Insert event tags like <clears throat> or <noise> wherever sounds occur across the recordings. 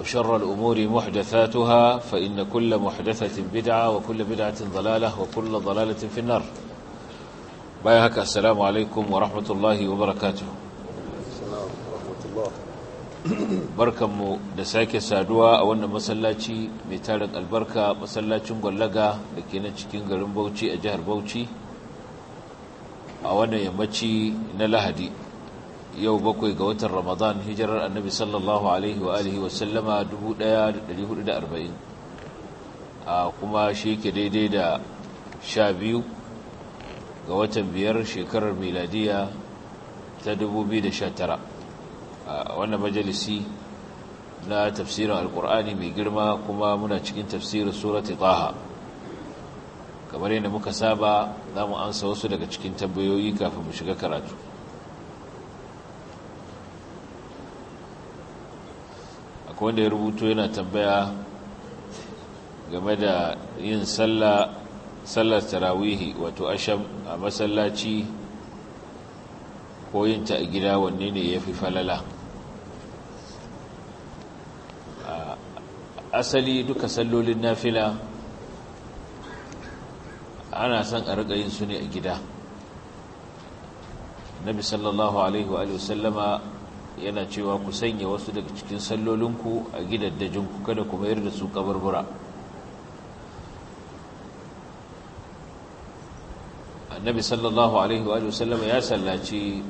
وشر الأمور محدثاتها فإن كل محدثة بدعة وكل بدعة ضلالة وكل ضلالة في النار بايهك السلام عليكم ورحمة الله وبركاته السلام ورحمة الله barkanmu da sake saduwa a wannan masallaci mai tarin albarka masallacin gwallaga da ke na cikin garin bauchi a jihar bauchi a wannan yammaci na lahadi yau bakwai ga watan ramadan hijirar annabi sallallahu alaihi wa alihi wasallama 1440 a kuma shi ke daidai da sha biyu ga watan biyar shekarar miladiya ta 2019 a wannan majalisi na tafsirin alkur'ani mai girma kuma muna cikin tafsirin surat taha kamar yadda muka saba za mu ansa wasu daga cikin tambayoyi kafin mu shiga karatu akwai wanda ya rubuto yana tambaya game da yin sallar tarawihi wato asham a masallaci ko yin ta a gida wanne ne ya fi falala asali duka sallolin nafila ana son a riƙa yin su ne a gida nabi sallallahu alaihi wa sallama yana cewa ku sanya wasu daga cikin sallolinku a gidaddajinku kada ku mayar da su kabarbura annabi sallallahu alaihi wa sallam ya sallaci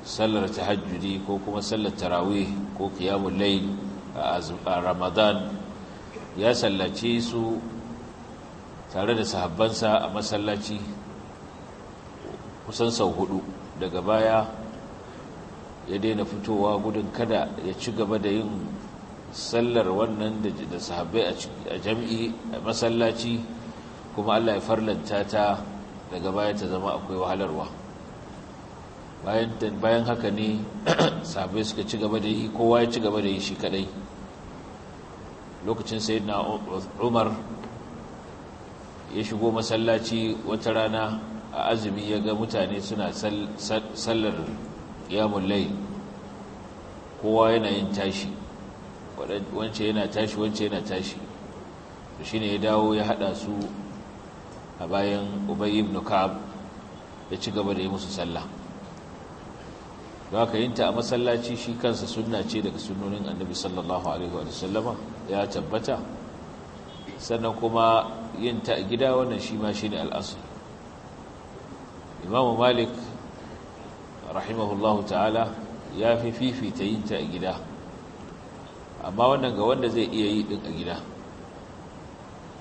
sallar tahajjudi ko kuma sallar tarawih ko qiyamul layl a ramadan ya sallace su tare da sahabbansa a masallaci kusan sau hudu daga baya ya daina fitowa gudun kada ya ci gaba da yin sallar wannan da sahabbai a jam'i a masallaci kuma Allah ya farlanta ta daga baya ta zama akwai wahalarwa bayan haka ne <clears throat> sahabbai suka ci gaba da yi kowa ya ci gaba da yi shi kadai lokacin sai na umar ya shigo masallaci wata rana a azumi ya ga mutane suna sallar ƙiyamun lai kowa yana yin tashi wance yana tashi wance yana tashi to shi ne ya dawo ya haɗa su a bayan ubayi ibn ka'ab ya ci gaba da yi musu sallah ba yinta a masallaci shi kansa suna ce daga sunonin annabi sallallahu alaihi wa sallama ya tabbata sannan kuma yinta a gida wannan shi ma shi ne al'asu imamu malik rahimahullahu ta'ala ya fi fifita yin ta a gida amma wannan ga wanda zai iya yi din a gida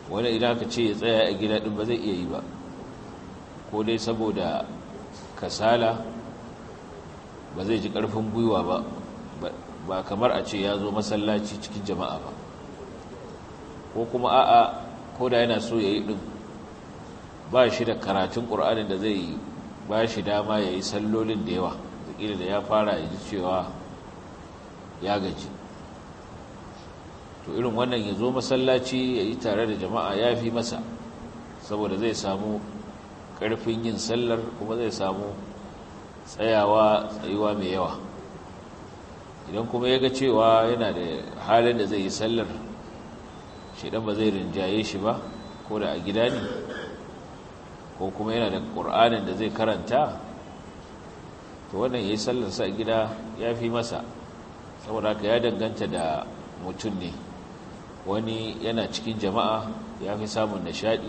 Wani idan ka ce ya tsaya a gida din ba zai iya yi ba ko dai saboda kasala ba zai ji karfin gwiwa ba ba kamar a ce ya zo masallaci cikin jama'a ba ko kuma a'a ko da yana so ya yi din ba shi da karatun ƙur'anin da zai yi ba shi dama ya yi sallolin da yawa da da ya fara ya ji cewa ya gaji to irin wannan ya zo masallaci ya yi tare da jama'a ya fi masa saboda zai samu ƙarfin yin sallar kuma zai samu tsayawa tsayuwa mai yawa idan kuma ya ga cewa yana da halin da zai yi sallar shaidan ba zai rinjaye shi ba ko da a gida ne ko kuma yana da ƙur'anin da zai karanta to wannan ya yi sallarsa a gida ya fi masa saboda haka ya danganta da mutum ne wani yana cikin jama'a ya fi samun nishaɗi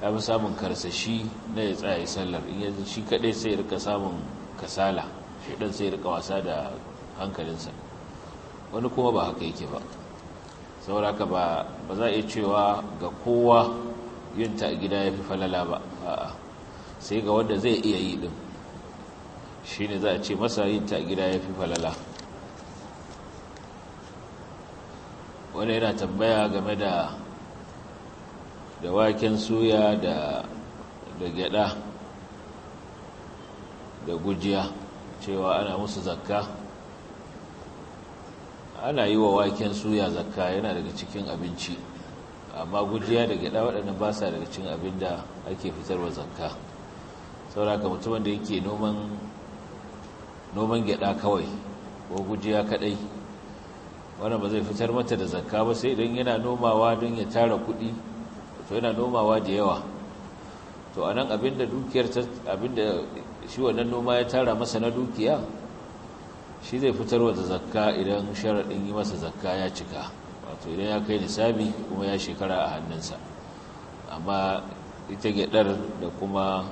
ya fi samun karsashi na ya tsaye sallar in yanzu shi kaɗai sai ya rika samun kasala shi ɗan sai ya rika wasa da hankalinsa wani kuma ba haka yake ba saboda haka ba za a iya cewa ga kowa yin ta a gida ya fi falala ba a'a sai ga wanda zai iya yi din ne za a ce masa yin ta a gida ya fi falala wanda yana tambaya game da da waken suya da da gyada da gujiya cewa ana musu zakka ana yi wa waken suya zakka yana daga cikin abinci amma gujiya da gyaɗa waɗannan ba sa daga cin abin da ake fitarwa zakka sauraka mutumin da yake noman gyaɗa kawai ko gujiya kadai wannan ba zai fitar mata da zakka ba sai idan yana nomawa don ya tara kudi to yana nomawa da yawa to a nan da dukiyar da shi wannan noma ya tara masa na dukiya shi zai fitarwa da zakka idan sharaɗin yi masa zakka ya cika wato idan ya kai nisabi kuma ya shekara a hannunsa amma ita gyadar da kuma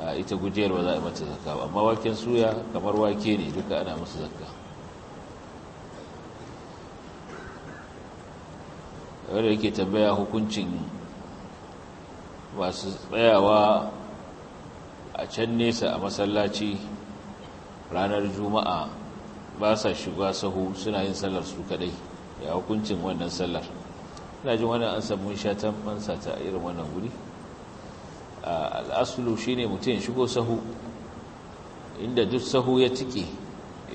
a ita gujiyar ba za a mata zakka ba amma waken suya kamar wake ne duka ana masu zakka wadda yake tambaya hukuncin masu tsayawa a can nesa a masallaci ranar juma'a ba sa shiga sahu suna yin sallar su kadai ya hukuncin wannan sallar ina jin wannan an samu sha ta mansa ta irin wannan guri al'asulu ne mutum ya shigo sahu inda duk sahu ya cike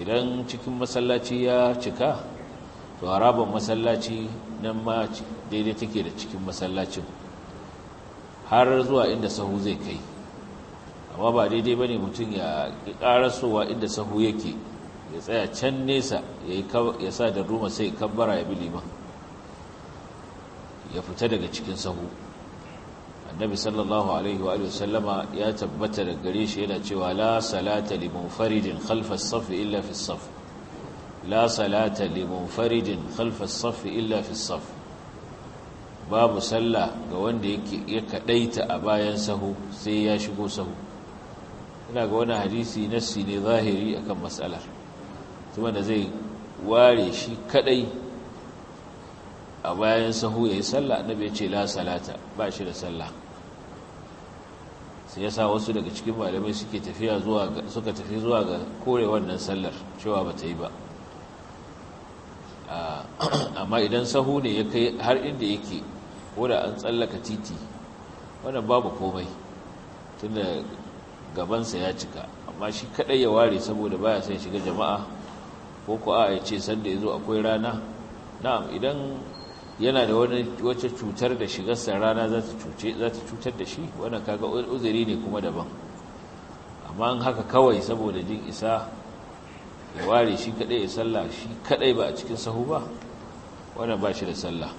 idan cikin masallaci ya cika to harabar masallaci nan ma daidai take da cikin masallacin har zuwa inda sahu zai kai amma ba daidai ba ne mutum ya ƙarasowa inda sahu yake ya tsaya can nesa ya sa da ruma sai kabbara ya bi liman ya fita daga cikin sahu annabi sallallahu alaihi wa sallama ya tabbata da gare shi yana cewa la salata li munfaridin khalfa as illa fi la salata li munfaridin khalfa as illa fi as babu sallah ga wanda yake ya kadaita a bayan sahu sai ya shigo sahu ina ga wani hadisi nassi ne zahiri akan mas'alar zuwa da zai ware shi kadai a bayan sahu ya yi sallah na ya ce la salata ba shi da sallah sai ya sa wasu daga cikin malamai suke tafiya suka tafi zuwa ga kore wannan sallar cewa ba ta yi ba ah, <clears throat> amma idan sahu ne ya kai har inda yake ko da an tsallaka titi wannan babu komai tunda gabansa ya cika amma shi kadai ya ware saboda baya sai shiga jama'a ko ku a ce sanda ya zo akwai rana na'am idan yana da wace cutar da shigarsa rana za ta cutar da shi wannan kaga uzuri ne kuma daban amma an haka kawai saboda jin isa ya ware shi kadai ya sallah shi kadai ba a cikin sahu ba wannan ba shi da sallah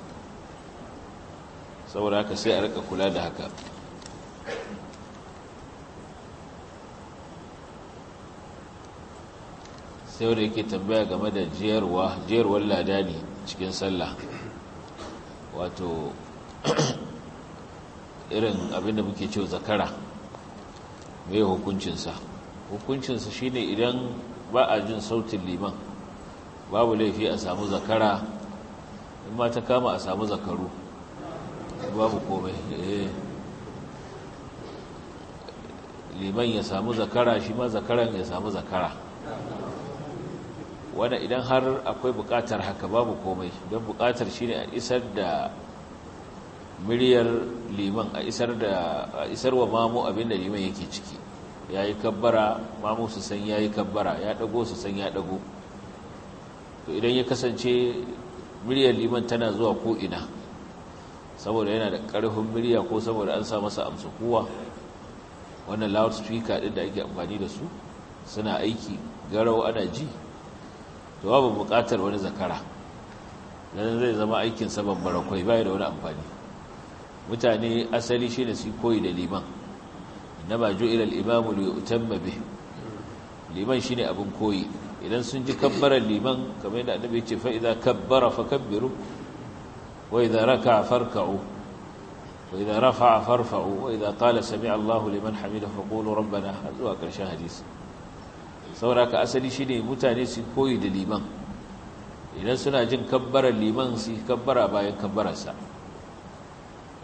saboda haka sai a rika kula da haka sai wadda yake tambaya game da jiyarwar lada ne cikin sallah wato <clears throat> irin abinda muke cewa zakara mai hukuncinsa hukuncinsa shine idan ba a jin sautin liman babu laifi a samu zakara in ma ta kama a samu zakaru babu komai eh. liman ya samu zakara shi ma zakaran ya samu zakara wanda idan har akwai bukatar haka babu komai don bukatar shi ne a isar da miliyar liman a isar wa mamu abin liman yake ciki ya yi kabbara mamu su san ya yi kabbara ya ɗago su san ya ɗago to idan ya kasance miliyar liman tana zuwa ko ina saboda yana da ƙarfin miliya ko saboda an sa masa amsa kuwa wannan loudspeaker ɗin da ake amfani da su suna aiki garau ana ji to babu bukatar wani zakara dan zai zama aikin saban barakwai bai da wani amfani mutane asali shine su koyi da liman innama ju'ila al-imamu li yutamma bih liman shine abun koyi idan sun ji kabbarar liman kamar yadda annabi ya ce fa idza kabbara fakabbiru wa idza raka'a farka'u وإذا رفع فارفعوا وإذا قال سمع allahu liman حمده فقولوا ربنا هذا هو كرشا حديث sauraka asali shi ne mutane su koyi da liman idan suna jin kabbarar liman su kabbara bayan kabbararsa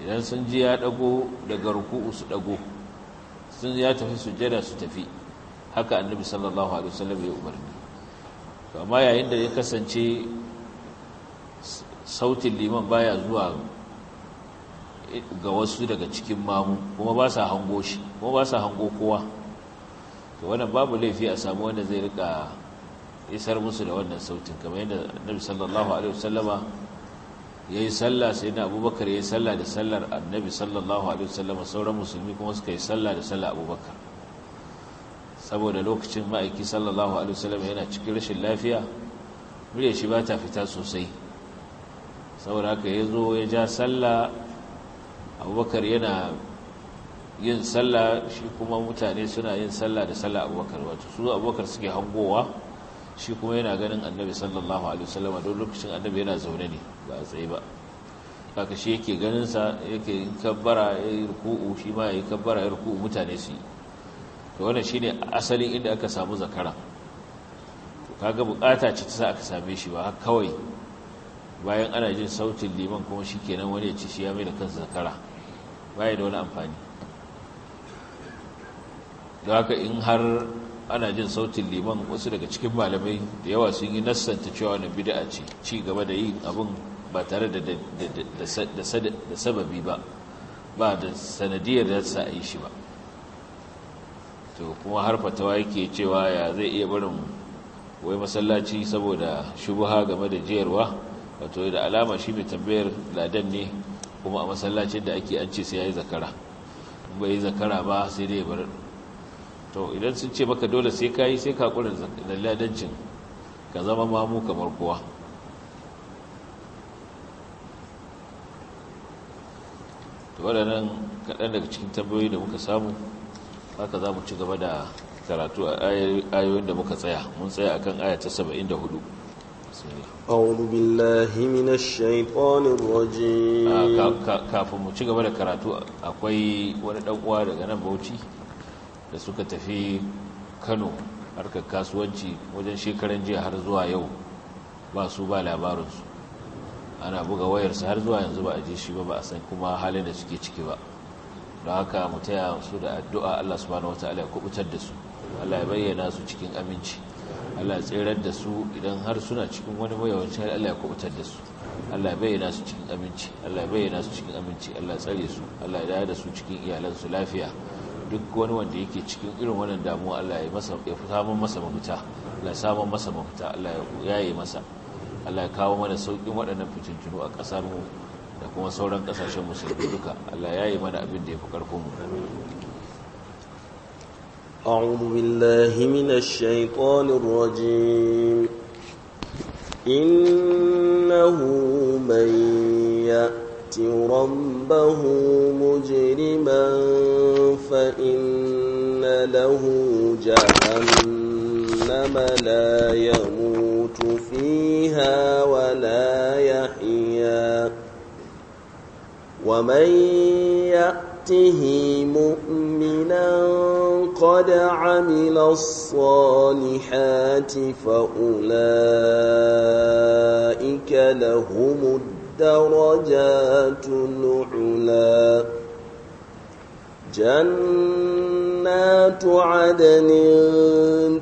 idan sun ji ya dago daga ruku'u su dago sun ya tafi sujjada su tafi haka annabi sallallahu alaihi wasallam ya umarni to amma yayin da ya kasance sautin liman baya zuwa ga wasu daga cikin mamu kuma ba sa hango shi kuma ba sa hango kowa to wannan babu laifi a samu wanda zai rika isar musu da wannan sautin kamar yadda annabi sallallahu alaihi wasallama yi sallah sai na abubakar yi sallah da sallar annabi sallallahu alaihi wasallama sauran musulmi kuma suka yi sallah da sallar abubakar saboda lokacin ma'aiki sallallahu alaihi wasallama yana cikin rashin lafiya murya shi ba ta fita sosai saboda haka ya zo ya ja sallah abubakar yana yin sallah shi kuma mutane suna yin sallah da sallah abubakar wato su abubakar suke hangowa shi kuma yana ganin annabi sallallahu alaihi wasallam don lokacin annabi yana zaune ne ba a tsaye ba kaka shi yake ganin sa yake yin kabbara ya yi ruku'u shi ma ya yi kabbara ya ruku'u mutane su yi to wannan shine asalin inda aka samu zakara to kaga bukata ce ta sa aka same shi ba kawai bayan ana jin sautin liman kuma shikenan wani ya ci shi ya mai da kansa zakara baya da wani amfani da haka in har ana jin sautin liman wasu daga cikin malamai da yawa sun yi nassanta cewa na bid'a ce ci gaba da yin abin ba tare da sababi ba ba da sanadiyar da sa yi shi ba to kuma har fatawa yake cewa ya zai iya barin wai masallaci saboda shubuha game da jiyarwa wato da alama shi mai tambayar ladan ne kuma a masallacin da ake an ce sai ya yi zakara bai yi zakara ba sai dai bar to idan sun ce maka dole sai ka yi sai ka haƙura da ka zama mamu kamar kowa to waɗannan kaɗan daga cikin tambayoyi da muka samu haka za mu ci gaba da karatu a ayoyin da muka tsaya mun tsaya akan aya ta 74 أعوذ بالله من الشيطان الرجيم kafin mu ci gaba da karatu akwai wani dan uwa daga nan Bauchi da suka tafi kano harkar kasuwanci wajen shekaran jiya har zuwa yau ba su ba labarinsu ana buga wayarsu har zuwa yanzu ba a je shi ba ba a san kuma halin da suke ciki ba don haka mu taya su da addu'a Allah su subhanahu wataala ya kubutar da su Allah ya bayyana su cikin aminci Allah ya tserar da su idan har suna cikin wani mayawancin har Allah ya kubutar da su Allah ya bayyana su cikin aminci Allah ya bayyana su cikin aminci Allah ya tsare su Allah ya dawo da su cikin iyalansu lafiya duk wani wanda yake cikin irin wannan damuwa Allah ya masa ya samun masa mafita Allah ya samun masa mafita Allah ya yaye masa Allah ya kawo mana saukin waɗannan fitintunu a ƙasar mu da kuma sauran ƙasashen musulmi duka Allah ya yaye mana abin da ya fi ƙarfin mu أعوذ بالله من الشيطان الرجيم إنه من يأتي ربه مجرما فإن له جهنم لا يموت فيها ولا يحيا ومن يأته مؤمنا قد عمل الصالحات فأولئك لهم الدين درجات علا جنات عدن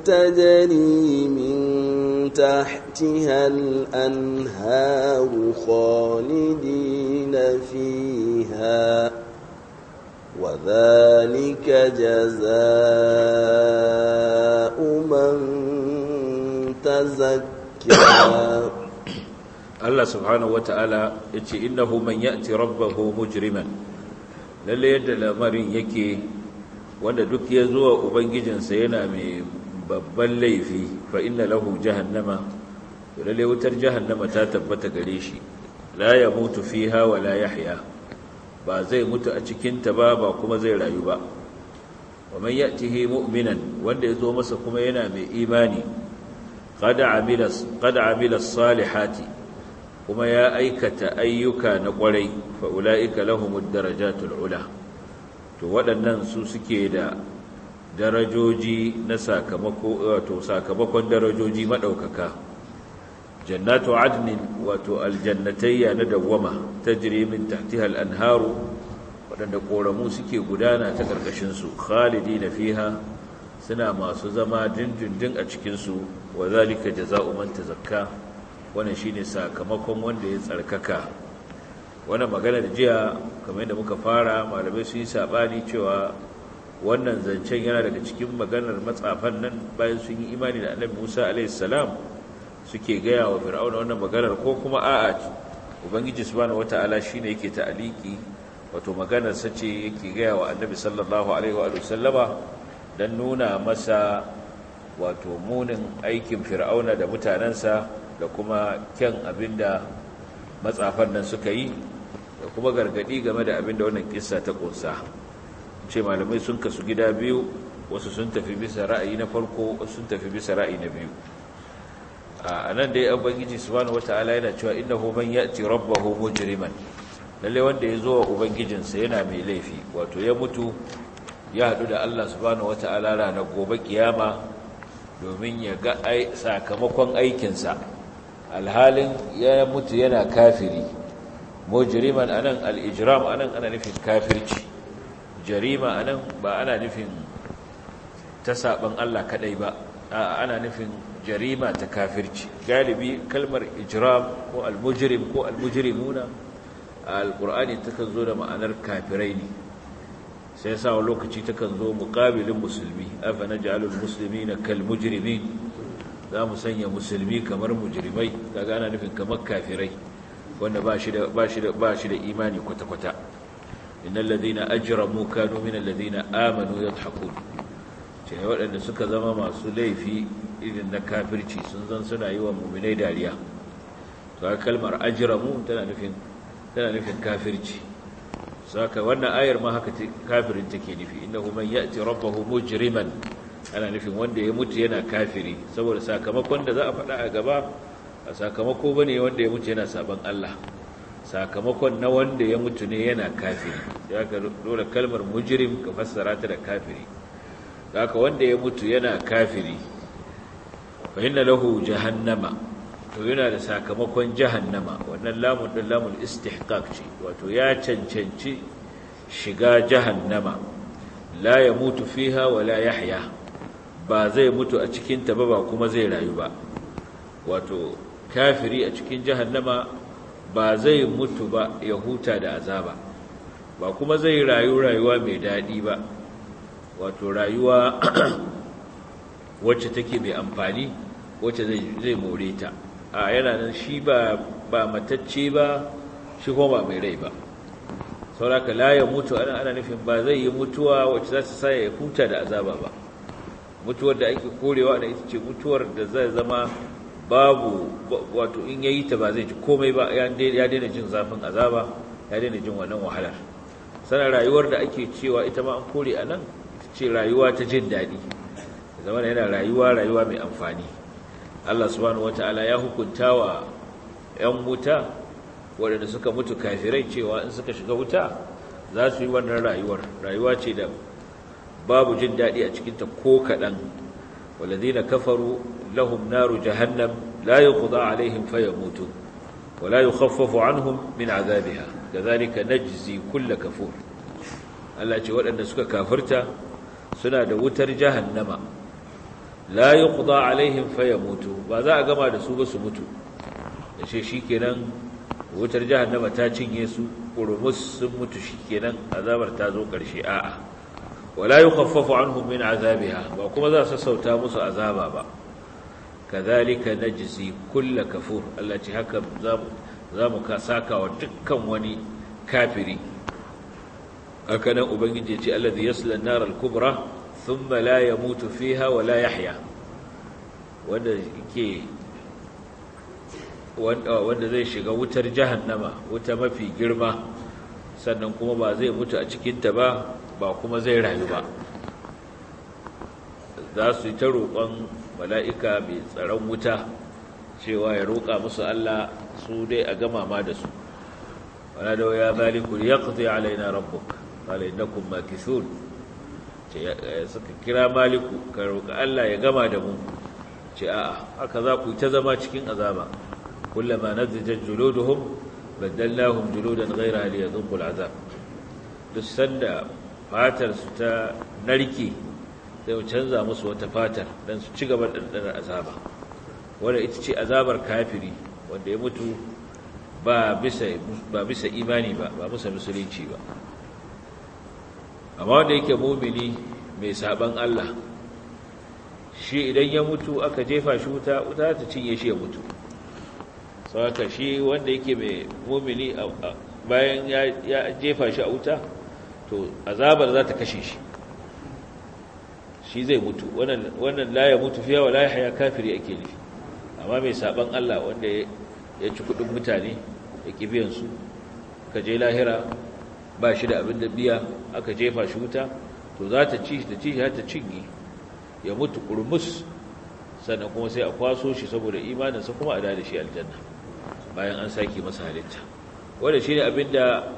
تجري من تحتها الأنهار خالدين فيها وذلك جزاء من تزكى Allah subhanahu ta'ala ya ce innahu man ya'ti rabbahu mujriman lalle yadda lamarin yake wanda duk ya zuwa ubangijinsa yana mai babban laifi fa inna lahu jahannama lalle wutar jahannama ta tabbata gare shi la yamutu fiha Wala la yahya ba zai mutu a cikin ta ba ba kuma zai rayu ba wa man mu'minan wanda ya zo masa kuma yana mai imani Kada amila qad amila salihati kuma ya aikata ayyuka na ƙwarai fa ulaika lahumud darajatul ula to waɗannan su suke da darajoji na sakamakon darajoji maɗaukaka. jannatu adnin wato aljannatayya na dawwama ta min tahtiha al-anharu waɗanda ƙoramu suke gudana ta ƙarƙashin su na fiha suna masu zama dindindin a cikin su wa zalika jazaa'u man tazakka wannan shine sakamakon wanda ya tsarkaka wannan magana da jiya kamar yadda muka fara malamai sun yi sabani cewa wannan zancen yana daga cikin maganar matsafan nan bayan sun yi imani da annabi Musa alaihi salam suke gaya wa fir'auna wannan maganar ko kuma a'a ubangiji subhanahu wataala shine yake ta'aliki wato maganar sa ce yake gaya wa annabi sallallahu alaihi wa sallama dan nuna masa wato munin aikin fir'auna da mutanensa. da kuma kyan abin da matsafan nan suka yi da kuma gargadi game da abin da wannan kisa ta kunsa ce malamai sun kasu gida biyu wasu sun tafi bisa ra'ayi na farko wasu sun tafi bisa ra'ayi na biyu a nan dai ubangiji subhanahu wataala yana cewa innahu man ya'ti rabbahu mujriman lalle wanda ya zo wa ubangijinsa yana mai laifi wato ya mutu ya haɗu da Allah subhanahu wataala na gobe kiyama domin ya ga sakamakon aikinsa alhalin ya mutu yana kafiri mujriman anan al-ijram anan ana nufin kafirci jarima anan ba ana nufin ta saban Allah kadai ba ana nufin jarima ta kafirci galibi kalmar ijram ko al-mujrim ko al-mujrimuna al-qur'ani takan zo da ma'anar kafirai ne sai yasa lokaci takan zo muqabilin musulmi afa naj'alul muslimina kal mujrimin za mu sanya musulmi kamar mujrimai kaga ana nufin kamar kafirai wanda ba shi da imani kwata-kwata innal ladina ajramu kanu minal ladina amanu yadhhakun ce waɗanda suka zama masu laifi irin na kafirci sun zan suna yi wa mu'minai dariya to kalmar ajramu tana nufin kafirci. nufin kafirci saka wannan ayar ma haka kafirin take nufi inda kuma innahu man ya'ti rabbahu mujriman ana nufin wanda ya mutu yana kafiri saboda sakamakon da za a faɗa a gaba a sakamako ne wanda ya mutu yana sabon Allah sakamakon na wanda ya mutu ne yana kafiri ya ka dole kalmar mujrim ka fassara ta da kafiri ka wanda ya mutu yana kafiri fa inna lahu jahannama to yana da sakamakon jahannama wannan lamun ɗin lamun istihqaq ce wato ya cancanci shiga jahannama la ya mutu fiha wala yahya ba zai mutu a cikinta ba ba kuma zai rayu ba wato kafiri a cikin jahannama ba zai mutu ba ya huta da azaba ba kuma zai rayu rayuwa mai daɗi ba wato rayuwa <clears throat> wacce take mai amfani wacce zai more ta a yana nan shi ba matacce ba shi kuma ba mai rai ba sauraka la ya mutu ana nufin ba zai yi mutuwa wacce za ta sa ya huta da azaba ba mutuwar da ake korewa da ita ce mutuwar da zai zama babu wato in yayi ta ba zai ci komai ba ya daina jin zafin azaba ya daina jin wannan wahalar sana rayuwar da ake cewa ita ma an kore a nan ce rayuwa ta jin daɗi zama yana rayuwa rayuwa mai amfani Allah subhanahu ta'ala ya hukunta wa 'yan wuta waɗanda suka mutu kafirai cewa in suka shiga wuta za su yi wannan rayuwar rayuwa ce da babu jin daɗi a cikinta ko kaɗan walladina kafaru lahum naru jahannam la yuqda alaihim fayamutu wa la yukhaffafu anhum min azabiha kadhalika najzi kull kafur Allah ce waɗanda suka kafirta suna da wutar jahannama la yuqda alaihim fayamutu ba za a gama da su ba su mutu yace shikenan wutar jahannama ta cinye su kurumus sun mutu shikenan azabar ta zo ƙarshe a'a wala yukhaffafu anhum min azabiha ba kuma za su sauta musu azaba ba kadhalika najzi kull kafur Allah ce haka za mu ka wa dukkan wani kafiri haka nan ubangiji ce alladhi yasla an-nar al-kubra thumma la yamutu fiha wa la yahya wanda yake wanda zai shiga wutar jahannama wuta mafi girma sannan kuma ba zai mutu a cikinta ba ba kuma zai rayu ba za su yi ta roƙon mala'ika mai tsaron wuta cewa ya roƙa musu Allah su dai a gama ma da su wala da ya maliku ya kuzi alaina rabbuk na innakum makithun ce ya suka kira maliku ka roƙa Allah ya gama da mu ce a'a haka za ku yi ta zama cikin azaba kullama nazajat juluduhum baddalnahum juludan ghayra li yadhuqul azab duk sanda su ta narke sai canza musu wata fatar don su ci gaba ɗanɗanar azaba wadda ita ce azabar kafiri wanda ya mutu ba bisa imani ba ba musa musulunci ba amma wanda yake mumini mai saban Allah shi idan ya mutu aka jefa shi wuta wuta ta cinye shi ya mutu sau shi wanda yake mai mumini bayan ya jefa shi a wuta to azabar za ta kashe shi shi zai mutu wannan la ya mutu fiya wa la ya haya kafiri ake nufi amma mai saban Allah wanda ya ci kudin mutane ya ki biyansu ka je lahira ba shi da abin da biya aka jefa shi wuta to za ta ci ta ci ta cinye ya mutu kurmus sannan kuma sai a kwaso shi saboda imaninsa kuma a da shi aljanna bayan an sake masa halitta wanda shi ne abin da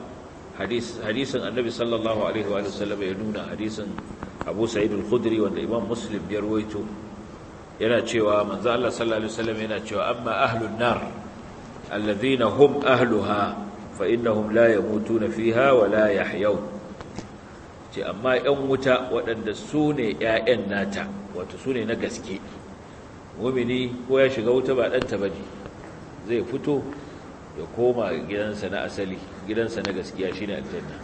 hadisin annabi sallallahu alaihi wa sallam ya nuna hadisin abu sa'id al-khudri wanda imam muslim ya ruwaito yana cewa manzo Allah sallallahu alaihi sallam yana cewa amma ahlun nar alladhina hum ahluha fa innahum la yamutuna fiha wa la yahyaun ce amma ƴan wuta waɗanda su ne ƴaƴan nata wato su ne na gaske mu'mini ko ya shiga wuta ba ɗanta bane zai fito ya koma gidansa na asali gidansa na gaskiya shine aljanna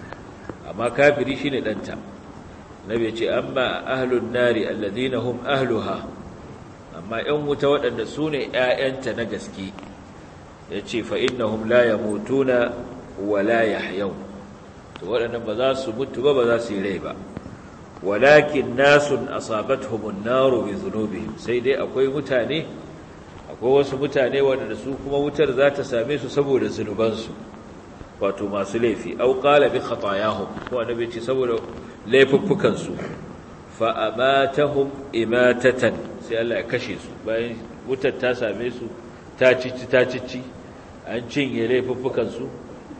amma kafiri shine danta nabi ce amma ahlun nari alladhina hum ahluha amma yan wuta waɗanda sune 'ya'yanta ƴaƴanta na gaske yace fa innahum la yamutuna wa la yahyaw to waɗannan ba za su mutu ba ba za su yi rai ba walakin nasun asabatuhum an-naru bi dhunubihim sai dai akwai mutane akwai wasu mutane waɗanda su kuma wutar za ta same su saboda zunubansu wato masu laifi auƙala qala bi khatayahum ko annabi ce saboda laifuffukan su fa amatahum imatatan sai Allah ya kashe su bayan wutar ta same su ta cici ta cici an cinye laifuffukan su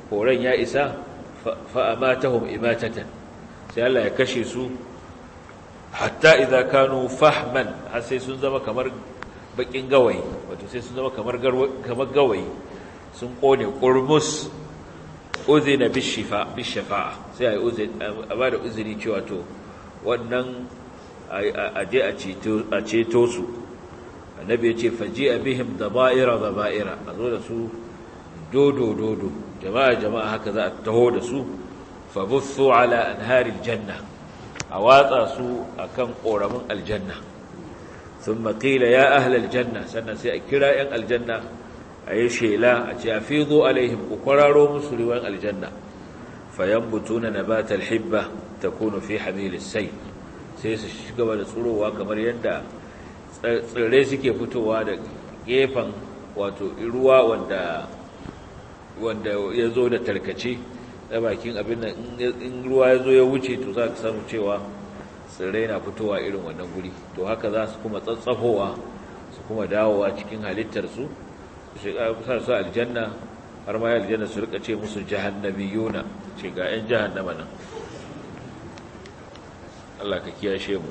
horan ya isa fa amatahum imatatan sai Allah ya kashe su hatta idza kanu fahman har sai sun zama kamar bakin gawayi wato sai sun zama kamar gawayi sun kone ƙurmus uzina bishafa'a sai a ba da uzini cewa to wannan a je a ceto su annabi ya ce faji a bihim dabaira zaba'ira a zo da su dodo dodo jama'a jama'a haka za a taho da su fabutsu ala anhari aljanna a watsa su akan ƙoramin aljanna thumma qila ya ahlal janna sannan sai a kira yan aljanna a yi shela a ce a fizo alaihim ku kwararo musu riwan aljanna fayambutuna nabatal hibba takunu fi hamilis sai sai su shiga da tsurowa kamar yadda tsirrai suke fitowa da gefen wato ruwa wanda ya zo da tarkace da bakin abin in ruwa ya zo ya wuce to za ka samu cewa tsirrai na fitowa irin wannan guri to haka za su kuma tsatsafowa su kuma dawowa cikin halittarsu su sa su aljanna har ma aljanna su rika ce musu jahannamiyuna ce ga 'yan jahannama nan Allah ka kiyashe mu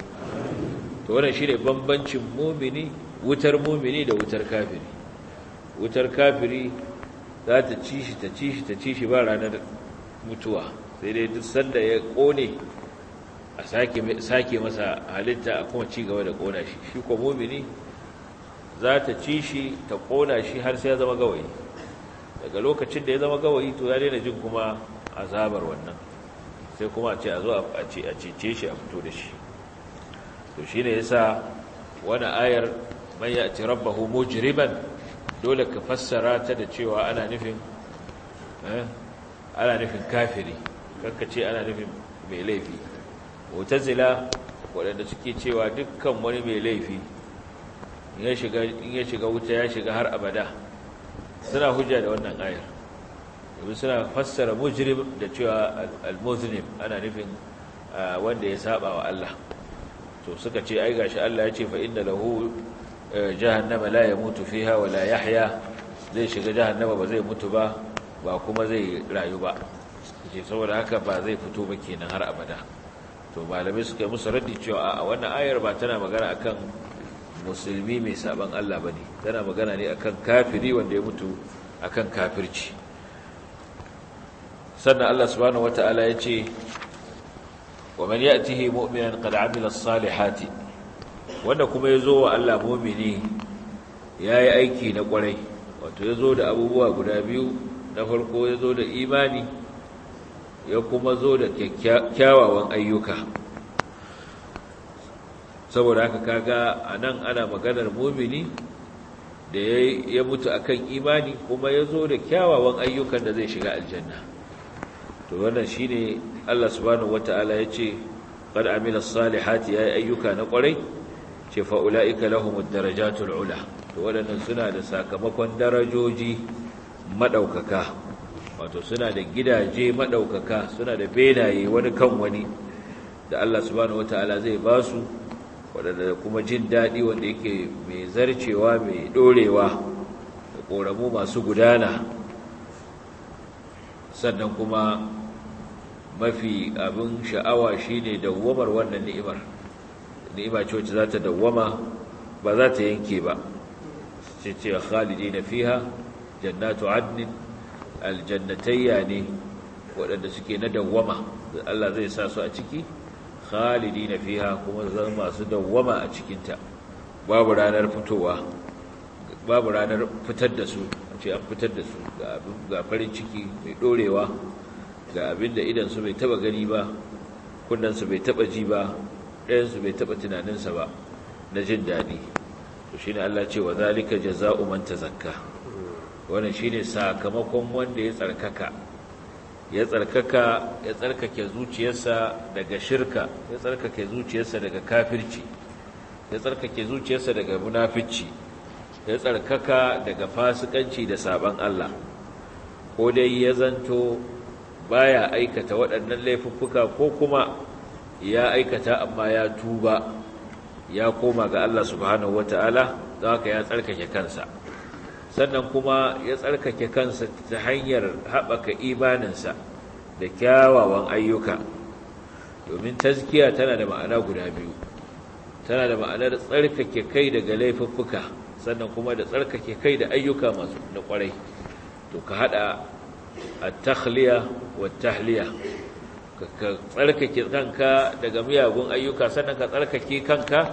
to wannan shine bambancin mumini wutar mumini da wutar kafiri wutar kafiri za ta ci shi ta ci shi ta ci shi ba ranar mutuwa sai dai duk sanda ya kone a sake masa halitta a kuma ci gaba da kona shi shi ko mumini za ta ci shi ta kona shi har sai ya zama gawayi daga lokacin da ya zama gawayi to ya daina jin kuma azabar wannan sai kuma a ce a zo a cece shi a fito da shi to shi ne ya sa wani ayar manya ya ci rabbahu mujriban dole ka fassara ta da cewa ana nufin eh, ana nufin kafiri kakka ce ana nufin mai laifi zila, waɗanda suke cewa dukkan wani mai laifi in ya shiga wuta ya shiga har abada suna hujja da wannan ayar domin suna fassara mujirim da cewa al-muzlim ana nufin wanda ya saba wa Allah to suka ce ai gashi Allah ya ce fa inna lahu e, jahannama la yamutu fiha wa la yahya zai shiga jahannama ba zai mutu ba ba kuma zai rayu ba ce saboda haka ba zai fito ba kenan har abada to malamai suka yi musu raddi cewa a wannan ayar ba tana magana akan musulmi mai saban Allah bane tana magana ne kan kafiri wanda ya mutu akan kafirci sannan Allah subhanahu wataala ya ce wa man ya'tihi mu'minan qad 'amila as-salihati wanda kuma yazo wa Allah mu'mini yayi aiki na kwarai wato yazo da abubuwa guda biyu na farko yazo da imani ya kuma zo da kyawawan ayyuka saboda haka kaga a nan ana maganar mumini da ya mutu akan imani kuma ya zo da kyawawan ayyukan da zai shiga aljanna to wannan shine Allah subhanahu wataala ya ce qad amila salihati ya ayyuka na kwarai ce fa ulaika lahumud darajatul to waɗannan suna da sakamakon darajoji maɗaukaka. wato suna da gidaje maɗaukaka suna da benaye wani kan wani da Allah subhanahu wata'ala zai ba su waɗanda kuma jin daɗi wanda yake mai zarcewa mai ɗorewa da ƙoramu masu gudana sannan kuma mafi abin sha'awa shine dawwamar wannan ni'imar ni'ima ce wacce za ta dawwama ba za ta yanke ba ce ce na fiha jannatu adnin aljannatayya ne waɗanda suke na dawwama Allah zai sa su a ciki na fiha kuma zan masu dawwama a cikinta babu ranar fitowa babu ranar fitar da su a ce an fitar da su ga farin ciki mai ɗorewa. ga abin da idansu bai taba gani ba kundansu bai taba ji ba ɗayansu bai taba tunaninsa ba na jin daɗi to ne Allah ce wa zalika jaza'u man tazakka Wani shi ne sakamakon wanda ya tsarkaka ya tsarkaka ya tsarkake zuciyarsa daga shirka ya tsarkake zuciyarsa daga kafirci ya tsarkake zuciyarsa daga munafici ya tsarkaka daga fasikanci da saban Allah ko dai ya zanto baya aikata waɗannan laifuffuka ko kuma ya aikata amma ya tuba ya koma ga Allah subhanahu wataala za haka ya tsarkake kansa sannan kuma ya tsarkake kansa ta hanyar haɓaka imaninsa da kyawawan ayyuka domin tazkiya tana da ma'ana guda biyu tana da ma'anar tsarkake kai daga laifuffuka sannan kuma da tsarkake kai da ayyuka masu na kwarai to ka haɗa a tahliya wa tahliya ka tsarkake kanka daga miyagun ayyuka sannan ka tsarkake kanka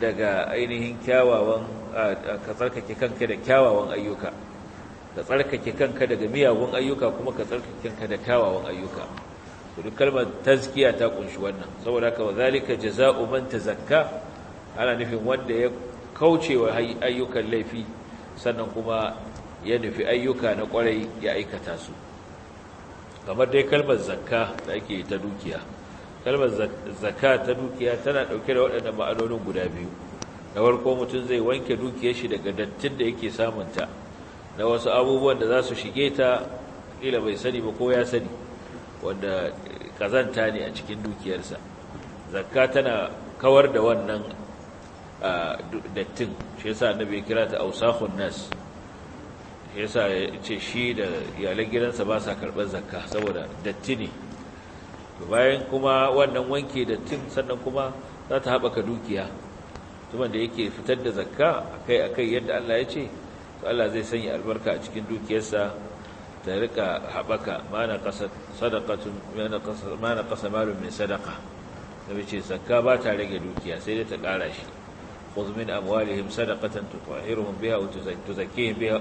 daga ainihin kyawawan ka tsarkake kanka da kyawawan ayyuka ka tsarkake kanka daga miyagun ayyuka kuma ka tsarkake kanka da kyawawan ayyuka to duk kalmar tazkiya ta kunshi wannan saboda haka wazalika jazaa'u man tazakka ana nufin wanda ya kauce wa ayyukan laifi sannan kuma ya nufi ayyuka na kwarai ya aikata su kamar dai kalmar zakka da ake ta dukiya kalmar zakka ta dukiya tana dauke da waɗannan ma'anonin guda biyu da farko mutum zai wanke dukiyar shi daga dattin da yake samunta na wasu abubuwan da za su shige ta ƙila bai sani ba ko ya sani wanda kazanta ne a cikin dukiyarsa zakka tana kawar da wannan dattin shi yasa annabi ya kira ta ausakhun nas shi yasa ce shi da iyalan gidansa ba sa karɓar zakka saboda datti ne bayan kuma wannan wanke dattin sannan kuma za ta haɓaka dukiya mutumin da yake fitar da zakka akai akai yadda Allah ya ce to Allah zai sanya albarka a cikin dukiyarsa ta rika habaka mana qasad sadaqatun mana qasad mana qasamalun min sadaqa nabi ce zakka ba ta rage dukiya sai dai ta kara shi khudh min amwalihim sadaqatan tutahhiruhum biha wa tuzakkihim biha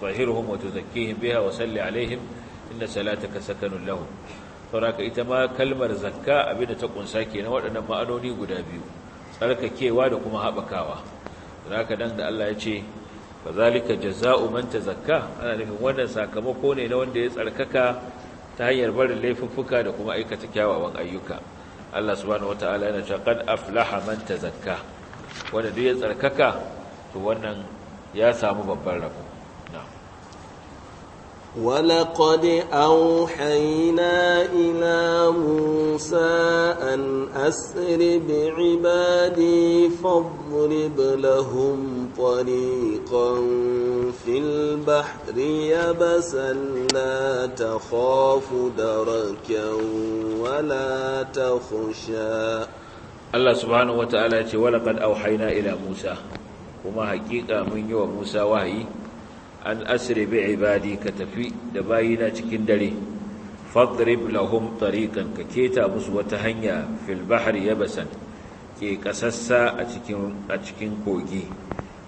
tutahhiruhum wa tuzakkihim biha wa salli alaihim inna salataka sakanun lahum saboda ita ma kalmar zakka abinda ta kunsa kenan waɗannan ma'anoni guda biyu tsarkakewa da kuma haɓakawa ka dan da Allah ya ce ba zalika jaza'u man tazakka ana nufin wannan sakamako ne na wanda ya tsarkaka ta hanyar barin laifuffuka da kuma aikata kyawawan ayyuka Allah subhanahu wataala yana cewa qad aflaha man tazakka wanda duk ya tsarkaka to wannan ya samu babban rabo ولقد أوحينا إلى موسى أن أسر بعبادي فاضرب لهم طريقا في البحر يبسا لا تخاف دركا ولا تخشى الله سبحانه وتعالى ولقد أوحينا إلى موسى وما حقيقة من يوم موسى وهي an asri bi ibadi ka tafi da bayina cikin dare fadrib lahum tariqan ka keta musu wata hanya fil bahri yabasan ke kasassa a cikin a cikin kogi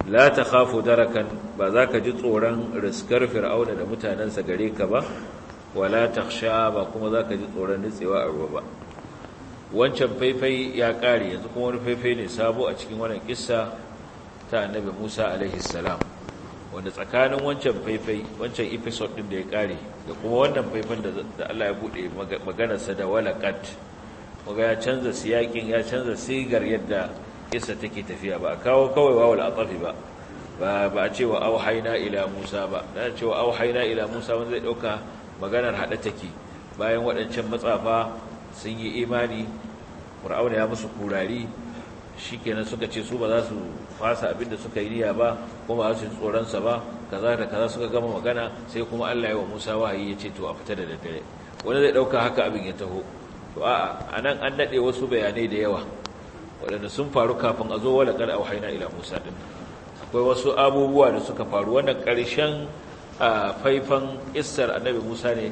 la takhafu darakan ba za ka ji tsoron riskar fir'auna da mutanansa gare ka ba wala takhsha ba kuma za ka ji tsoron nutsewa a ruwa ba wancan faifai ya kare yanzu kuma wani faifai ne sabo a cikin wannan kissa ta annabi Musa alaihi salam wanda tsakanin wancan faifai wancan episode din da ya kare da kuma wannan faifan da Allah ya bude maganarsa da walaqat ya canza siyakin ya canza sigar yadda kissa take tafiya ba kawo kawai wawul atafi ba ba ba a cewa auhayna ila Musa ba da cewa auhayna ila Musa wanda zai dauka maganar hada take bayan waɗancan matsafa sun yi imani Fir'auna ya musu kurari shi kenan suka ce su ba za su fasa abin da suka yi niya ba kuma ba su tsoronsa ba kaza da kaza suka gama magana sai kuma Allah ya wa Musa wahayi ya ce to a fita da daddare wani zai ɗauka haka abin ya taho to a anan an dade wasu bayanai da yawa waɗanda sun faru kafin a zo wala a auhayna ila Musa din akwai wasu abubuwa da suka faru wannan karshen faifan issar annabi Musa ne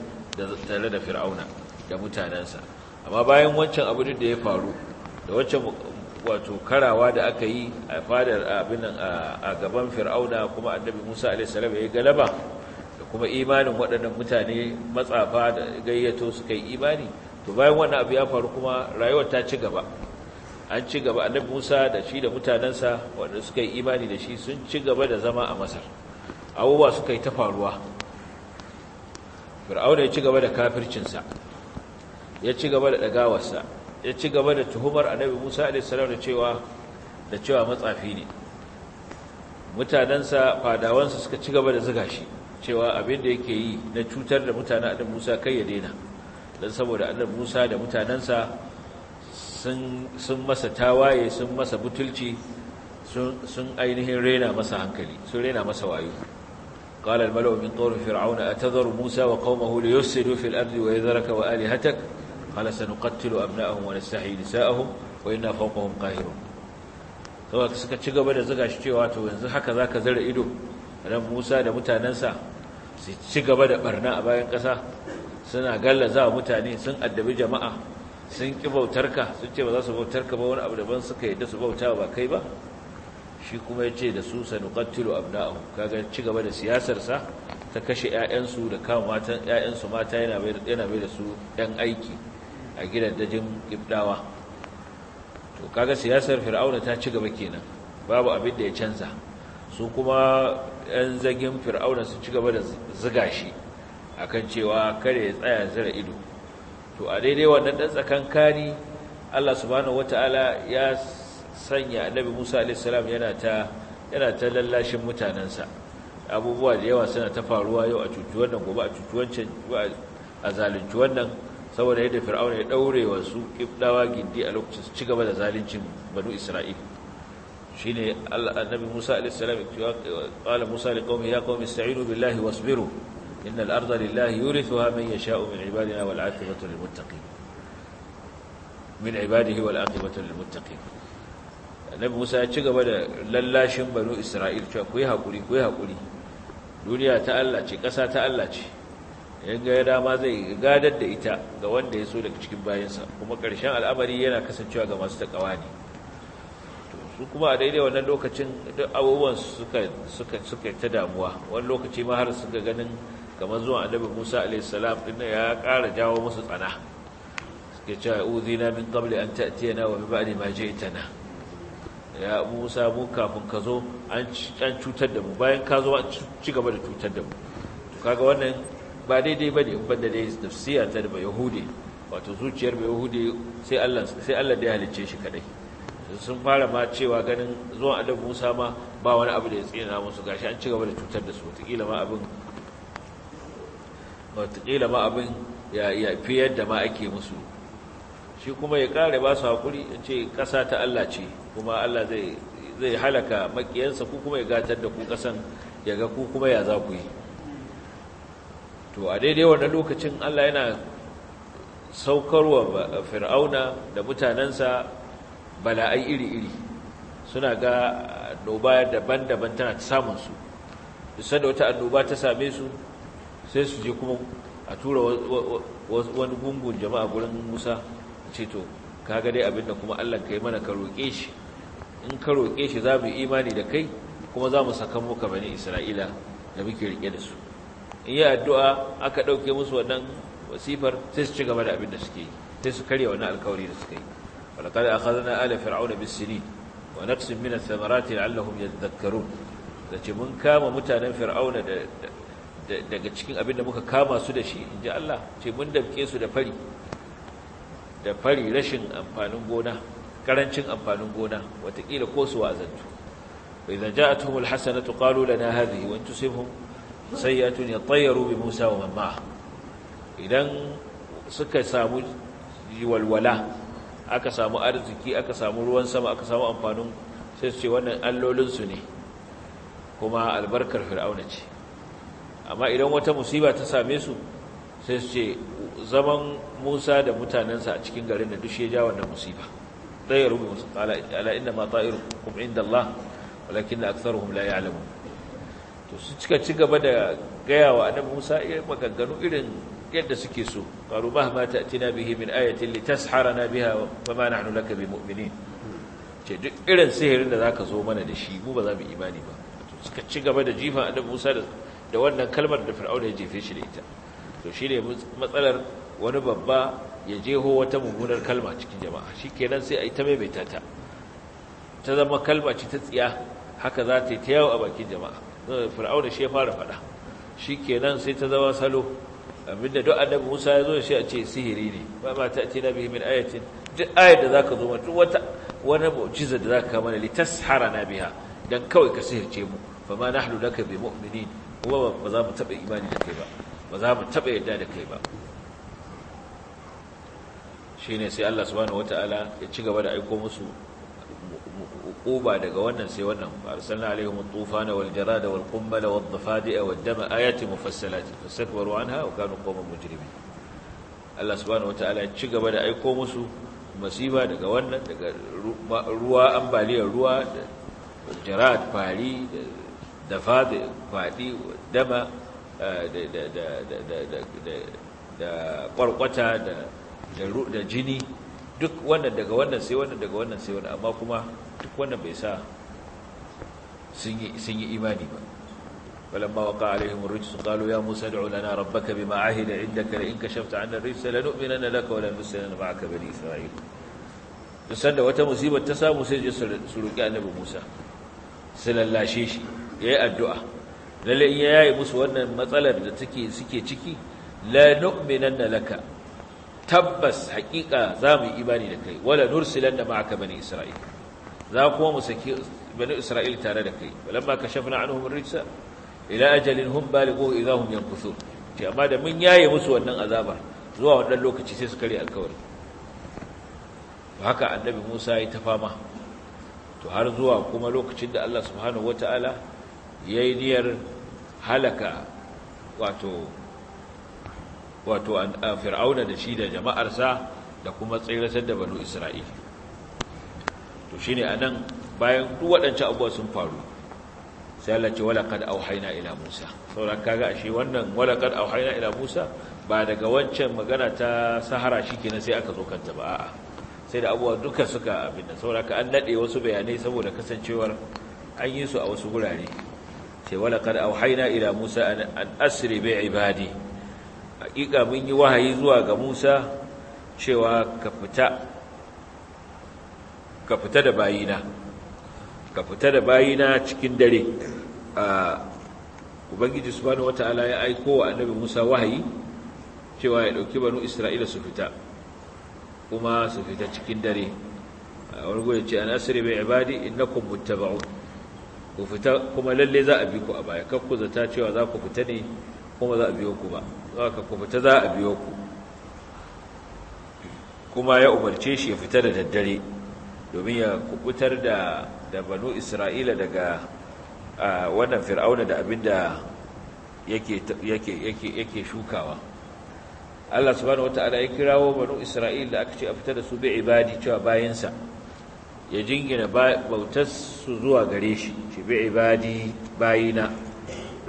tare da Fir'auna da mutanensa amma bayan wancan abu da ya faru da wancan wato karawa da aka yi a fadar abin a gaban fir'auna kuma annabi musa alaihissalam ya yi galaba da kuma imanin waɗannan mutane matsafa da gayyato suka yi imani to bayan wannan abu ya faru kuma rayuwar ta ci gaba an ci gaba annabi musa da shi da mutanensa wanda suka yi imani da shi sun ci gaba da zama a masar abubuwa suka yi ta faruwa fir'auna ya ci gaba da kafircinsa ya ci gaba da ɗagawarsa ya ci gaba da tuhumar annabi Musa a.s. da cewa da cewa matsafi ne Mutanansa fadawansa suka ci gaba da zuga shi cewa abin da yake yi na cutar da mutanen annabi Musa kai ya daina don saboda annabi Musa da mutanensa sun masa tawaye sun masa butulci sun ainihin rena masa hankali sun rena masa wayo قال الملأ من قوم فرعون أتذر موسى وقومه ليفسدوا في الأرض ويذرك وآلهتك qala sanuqattilu abna'ahum wa nastahyi nisa'ahum wa inna fawqahum suka ci gaba da zuga shi cewa to yanzu haka zaka zara ido ran Musa da mutanansa su ci gaba da barna a bayan ƙasa suna gallaza mutane sun addabi jama'a sun ki bautarka su ce ba za su bautarka ba wani abu daban suka yadda su bauta ba kai ba shi kuma ya ce da su sanuqattilu abna'ahum kaga ci gaba da siyasarsa ta kashe 'ya'yansu da kama matan 'ya'yansu mata yana bai da su 'yan aiki a gidan dajin gibdawa to kaga siyasar fir'auna ta ci gaba kenan babu abin da ya canza su kuma yan zagin fir'auna su ci gaba da ziga shi akan cewa kare ya tsaya zira ido to a daidai wannan ɗan tsakankani Allah subhanahu wataala ya sanya annabi Musa alaihi salam yana ta lallashin mutanensa abubuwa da yawa suna ta faruwa yau a cuci wannan gobe a cuci wancan a zalunci wannan saboda yadda fir'auna ya daure wa su kibdawa gindi a lokacin su gaba da zalincin banu isra'il shine annabi Musa alayhi salam ya qala Musa liqaumi ya qaumi ista'inu billahi wasbiru innal arda lillahi yurithuha man yasha'u min ibadina wal 'aqibatu lil muttaqin min ibadihi wal 'aqibatu lil muttaqin annabi Musa ya ci gaba da lallashin banu isra'il ku yi hakuri ku yi hakuri duniya ta Allah ce ƙasa ta Allah ce ya dama zai gadar da ita ga wanda ya so daga cikin bayansa kuma ƙarshen al'amari yana kasancewa ga masu takawa ne su kuma a daidai wannan lokacin duk abubuwan suka ta damuwa wani lokaci ma har suka ganin kamar zuwa annabi Musa a.s. din ya ƙara jawo musu tsana suke cewa uzina min qabli an ta'tiyana wa ba'di ma ji'tana ya Musa mu kafin ka zo an cutar da mu bayan ka zo an ci gaba da cutar da mu kaga wannan ba daidai ba ne in banda dai nafsiya ta da yahudi wato zuciyar mai yahudi sai allah da ya halicce shi kadai sun fara ma cewa ganin zuwan adam musa ma ba wani abu da ya tsina musu gashi an ci gaba da cutar da su watakila ma abin watakila ma abin ya fi yadda ma ake musu shi kuma ya kare ba su haƙuri in ce ƙasa ta allah ce kuma allah zai halaka maƙiyansa ku kuma ya gatar da ku ƙasan ya ga ku kuma ya za ku yi to a daidai wanda lokacin Allah yana saukarwa fir'auna da mutanensa bala'ai iri-iri suna ga annoba daban-daban tana samun su da wata annoba ta same su sai su je kuma a tura wani gungun jama'a gurin Musa ce to kaga dai abinda kuma Allah ka yi mana ka roƙe shi in ka roƙe shi za mu imani da kai kuma za mu saka muka bane Isra'ila da muke riƙe da su yi addu'a aka ɗauke musu wannan wasifar sai su ci gaba da abin da suke yi sai su karya wannan alkawari da suka yi walaqad akhadna ala fir'auna bis-sinin wa naqsin min ath ya la'allahum yadhakkarun mun kama mutanen fir'auna daga cikin abin da muka kama su da shi ji Allah ce mun dabke su da fari da fari rashin amfanin gona karancin amfanin gona watakila ko su wazantu fa idza ja'atuhum al-hasanatu qalu lana hadhihi wa antusibhum tuni yatayyaru bi Musa wa man ma'a idan suka samu walwala aka samu arziki aka samu ruwan sama aka samu amfanin sai su ce wannan allolinsu ne kuma albarkar fir'auna ce amma idan wata musiba ta same su sai su ce zaman musa da mutanensa a cikin garin da dushe ja wannan musiba ɗaya musu ala inda ma ta'irukum inda Allah walakin da aktsaruhum la ya'lamun to su cika ci gaba da gayawa wa annabi Musa irin maganganu irin yadda suke so qalu mahma ta'tina bihi min ayatin litasharana biha wa ma nahnu laka bimu'minin ce duk irin sihirin da zaka zo mana da shi mu ba za mu imani ba to suka ci gaba da jifa annabi Musa da wannan kalmar da Fir'auna ya jefe shi da ita to shine matsalar wani babba ya jeho wata mummunar kalma cikin jama'a shikenan sai a yi ta maimaita ta ta zama kalma ce ta tsiya haka za ta yi ta yawo a bakin jama'a fir'auna shi ya fara faɗa shi kenan sai ta zama salo abinda duk annabi Musa ya zo shi a ce sihiri ne ba ma ta atina bihi min ayatin duk ayat da zaka zo duk wata wani mu'jiza da zaka kama li tasharana biha dan kawai ka sihirce mu fa ma nahnu laka bi mu'minin kuma ba za mu taba imani da kai ba ba za mu taba yarda da kai ba shine sai Allah subhanahu wataala ya ci gaba da aiko musu uquba daga wannan sai wannan arsalna alaihim at-tufana wal jarada wal qummala wad dafadi'a wad dama ayati mufassalat fastakbaru anha wa kanu qawman mujrimin Allah subhanahu wataala ya ci gaba da aiko musu masiba daga wannan daga ruwa ambaliyar ruwa da jarad fari da dafadi fadi dama eh, da da da da da da da da jini duk wannan daga wannan sai wannan daga wannan sai wannan amma kuma duk wannan bai sa sun yi imani ba فلما وقع عليهم الرجس قالوا يا موسى ادع لنا ربك بما عهد عندك لئن كشفت عنا laka wa لك ولنرسلن معك بني Isra'il. تسد wata musibar ta samu sai je su roki annabi Musa su lallashe shi yayi addu'a lalle in yayi musu wannan matsalar da take suke ciki la nu'minanna laka tabbas hakika za mu yi imani da kai wala nursilan da ma'aka bani isra'il za kuma mu saki bani isra'il tare da kai walamma kashafna anhum rijsa ila ajalin hum balighu idha hum yanqusun ce amma da mun yaye musu wannan azaba zuwa wannan lokaci sai su kare alkawari haka annabi Musa ya ta fama to har zuwa kuma lokacin da Allah subhanahu wataala yayi niyyar halaka wato wato fir'auna da shi da jama'arsa da kuma tsiratar da banu isra'ila to a anan bayan duk waɗancan abubuwa sun faru sai Allah ce walaqad ila Musa sauran kaga ashe wannan walakar auhayna ila Musa ba daga wancan magana ta sahara na sai aka zo kanta ba a'a sai da abubuwa duka suka abin da sauran ka an daɗe wasu bayanai saboda kasancewar an yi su a wasu gurare sai walakar auhayna ila Musa an asri bi ibadi hakika mun yi wahayi zuwa ga Musa cewa ka fita ka fita da bayina ka fita da bayina cikin dare a ubangiji subhanahu wataala ya aiko wa annabi Musa wahayi cewa ya dauki banu Isra'ila su fita kuma su fita cikin dare wani goyi ce an asiri bai ibadi innakum muttaba'un ku fita kuma lalle za a bi ku a baya kakku zata cewa za ku fita ne kuma za a biyo ku ba za ka kuma ta za a biyo ku kuma ya umarce shi ya fita da daddare domin ya kubutar da da banu isra'ila daga wannan fir'auna da abin da yake shukawa Allah subhanahu ala ya kirawo banu isra'ila aka ce a fita da su bi ibadi cewa bayansa ya jingina bautar su zuwa gare shi shi bi ibadi bayina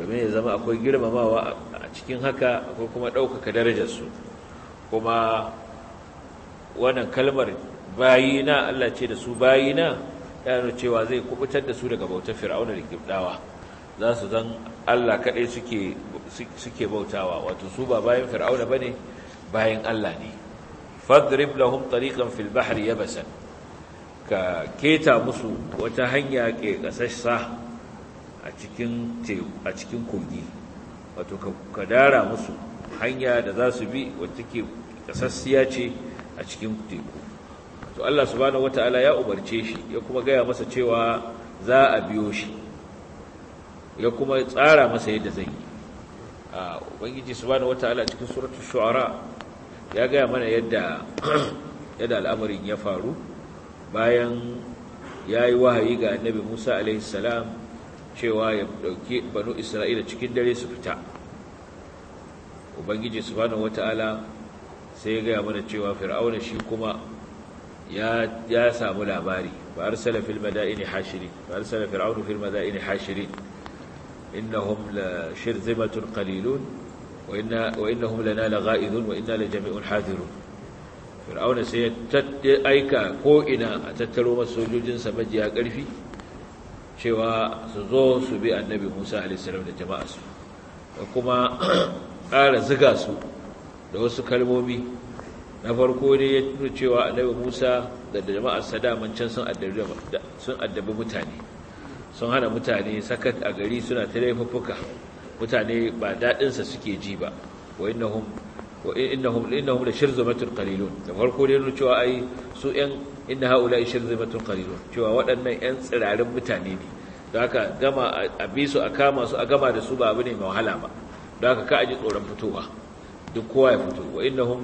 domin ya zama akwai girmamawa a cikin haka akwai kuma ɗaukaka darajarsu kuma wannan kalmar bayina Allah ce da su bayina ya nuna cewa zai kubutar da su daga bautar fir'auna da kibdawa za su zan Allah kaɗai suke bautawa wato su ba bayan fir'auna ba ne bayan Allah ne fadrib lahum tariqan fil bahri yabasan ka keta musu wata hanya ke kasassa a cikin kogi wato ka dara musu hanya da za su bi wata ke kasassiya ce a cikin teku to Allah subhanahu wataala ya umarce shi ya kuma gaya masa cewa za a biyo shi ya kuma tsara masa yadda zai yi a ubangiji subhanahu wataala cikin suratun shu'ara ya gaya mana yadda <clears throat> yadda al'amarin ya faru bayan ya yi wahayi ga annabi Musa alaihi salam cewa ya dauki banu isra'ila cikin dare su fita ubangiji subhanahu wataala sai ya gaya mana cewa fir'auna shi kuma ya samu labari fa arsala fil madaini hashirin fa arsala fir'aunu fil madaini hashirin innahum la shirzimatun qalilun wa inna wa innahum lana laghaizun wa inna lajami'un hadirun fir'auna sai ya aika ko ina a tattaro masojojinsa majiya karfi cewa su zo su bi annabi musa alaihissalam da jama'arsu da kuma <clears throat> ƙara ziga su da wasu kalmomi na farko ne ya nuna cewa annabi musa da jama'arsa daman can sun addabi mutane sun hana mutane sakat a gari suna ta laifuffuka mutane ba daɗinsa suke ji ba wa hun wa innahum innahum la shirzumatun qalilun da farko dai nuna cewa ai su yan inna haula shirzumatun qalilun cewa waɗannan yan tsirarin mutane ne don haka gama a bi su a kama su a gama da su ba abu ne mai wahala ba don haka ka aji tsoron fitowa duk kowa ya fito wa innahum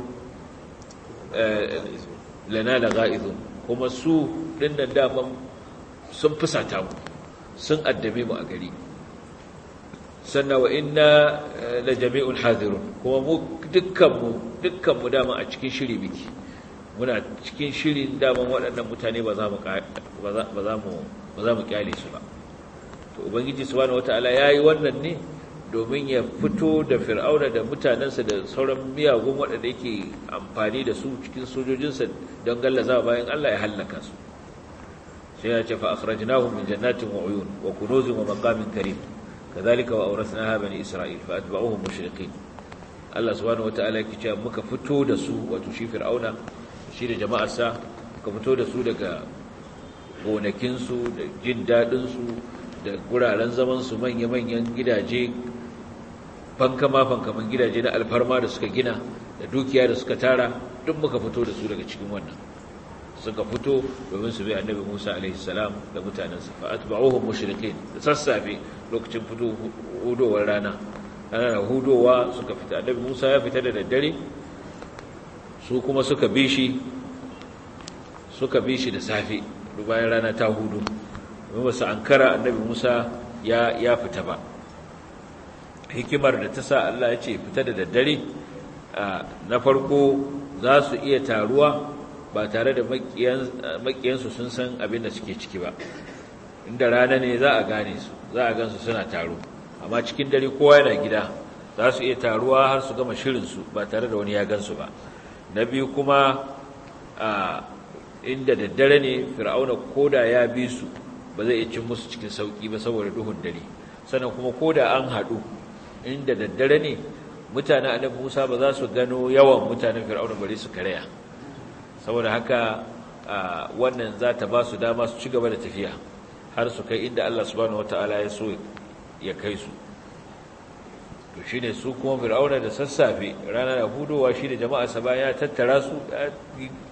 lana la ga'izun kuma su ɗin dinnan daman sun fusata mu sun addabe mu a gari sannan wa inna eh, la jami'un hadirun kuma mu dukkanmu dukkanmu dama a cikin shiri biki muna cikin shirin daman waɗannan mutane ba za mu ba za mu kyale su ba to ubangiji subhanahu wataala yayi wannan ne domin ya fito da fir'auna da mutanensa da sauran miyagun waɗanda yake amfani da su cikin sojojinsa don gallaza bayan Allah ya hallaka su sai ya ce fa akhrajnahum min jannatin wa uyun wa kunuzin wa maqamin karim kazalika wa awrasnaha bani isra'il fa atba'uhum mushriqin Allah subhanahu wataala yake cewa muka fito da su wato shi fir'auna shi da jama'arsa ka fito da su daga gonakinsu da jin daɗinsu da guraren zamansu manya-manyan gidaje fankama-fankaman gidaje na alfarma da suka gina da dukiya da suka tara duk muka fito da su daga cikin wannan suka fito domin su bi annabi musa alaihissalam da mutanensa fa'at ba'uhun mashirikin da sassafe lokacin fito hudowar rana ana hudowa suka fita annabi musa ya fita da daddare su kuma suka bi shi suka bi shi da safe bayan rana ta hudu domin ba su ankara annabi musa ya fita ba hikimar da ta sa allah ya ce fita da daddare na farko za su iya taruwa ba tare da makiyansu sun san abin da suke ciki ba inda rana ne za a gane su za a gansu suna taro amma cikin dare kowa yana gida za su iya taruwa har su gama shirinsu ba tare da wani ya gansu ba na biyu kuma a inda daddare ne fir'auna koda ya bi su ba zai cin musu cikin sauki ba saboda duhun dare sannan kuma koda an haɗu inda daddare ne mutanen annabi Musa ba za su gano yawan mutanen fir'auna bari su karaya saboda haka wannan za ta ba su dama su ci gaba da tafiya har su kai inda Allah subhanahu wataala ya so ya kai su to shine su kuma fir'auna da sassafe rana da hudowa shi da jama'a sa ya tattara su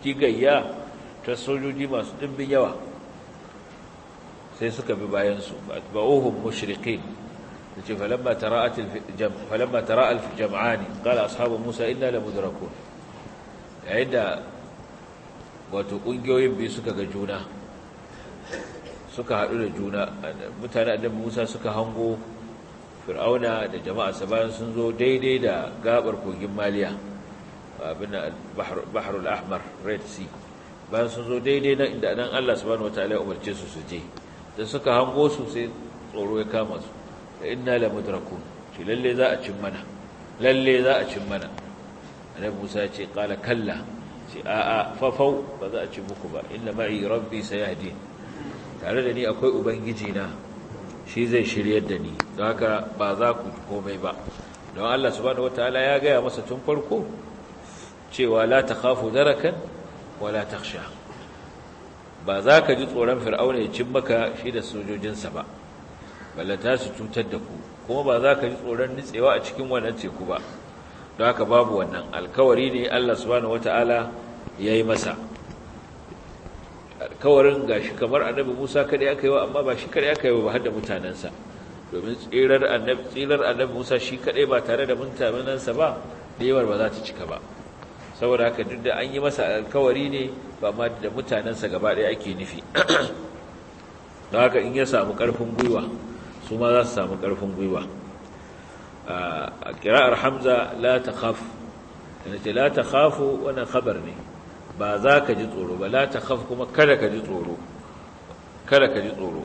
gigayya ta sojoji masu dimbin yawa sai suka bi bayan su atba'uhum mushriqin yace falamma tara'at al-jam falamma tara'a al-jam'an qala ashabu musa inna lamudrakun yayin da wato kungiyoyin biyu suka ga juna suka haɗu da juna mutane annabi musa suka hango fir'auna da jama'a sabayin sun zo daidai da gabar kogin maliya abin baharul ahmar red sea bayan sun zo daidai na inda nan allah subhanahu wataala ya umarce su su je da suka hango su sai tsoro ya kama su da inna la mudrakun ce lalle za a cin mana lalle za a cin mana annabi musa ya ce qala kalla ce a'a fafau ba za a cin muku ba inna ma'i rabbi sayahdi tare da ni akwai ubangiji na shi zai shiryar da ni don haka ba za ku komai ba don Allah subhanahu wataala ya gaya masa tun farko cewa la takhafu darakan la takhsha ba za ka ji tsoron fir'auna ya cin maka shi da sojojinsa ba ta su cutar da ku kuma ba za ka ji tsoron nitsewa a cikin wannan teku ba don haka babu wannan alkawari ne Allah subhanahu wataala yayi masa alkawarin gashi kamar annabi Musa kadai aka yi wa amma ba shi kada aka yi wa har da mutanansa domin tsirar annabi tsirar annabi Musa shi kadai ba tare da mutanansa ba da yawar ba za ta cika ba saboda haka duk da an yi masa alkawari ne ba ma da mutanensa gaba ɗaya ake nufi <clears throat> don haka in ya samu ƙarfin gwiwa su ma za su samu ƙarfin gwiwa a ƙira'ar hamza la ta khafu la ta khafu wannan khabar ne ba za ka ji tsoro ba la ta khaf kuma kada ka ji tsoro kada ka ji tsoro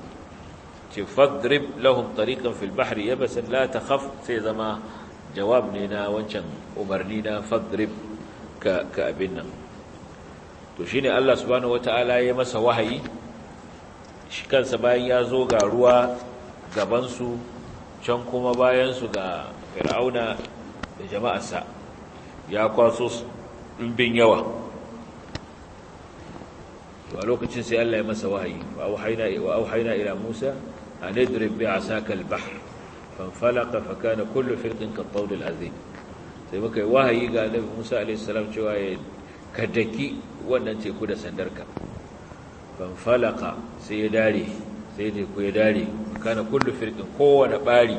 ce fadrib lahum tariqan fil bahri yabasan la ta khaf sai zama jawab ne na wancan umarni na fadrib ka ka abin nan to shine Allah subhanahu wataala ya masa wahayi shi kansa bayan ya zo ga ruwa gabansu can kuma bayansu ga fir'auna da jama'arsa ya kwaso ɗumbin yawa wa lokacin sai Allah ya masa wahayi wa auhayna wa auhayna ila Musa an idrib bi asaka al-bahr fanfalaqa fa kana kullu firqin ka tawl al-azim sai muka yi wahayi ga Annabi Musa alayhi salam cewa ya kadaki wannan teku da sandarka fanfalaqa sai ya dare sai ku ya dare kana kullu firqin kowane bari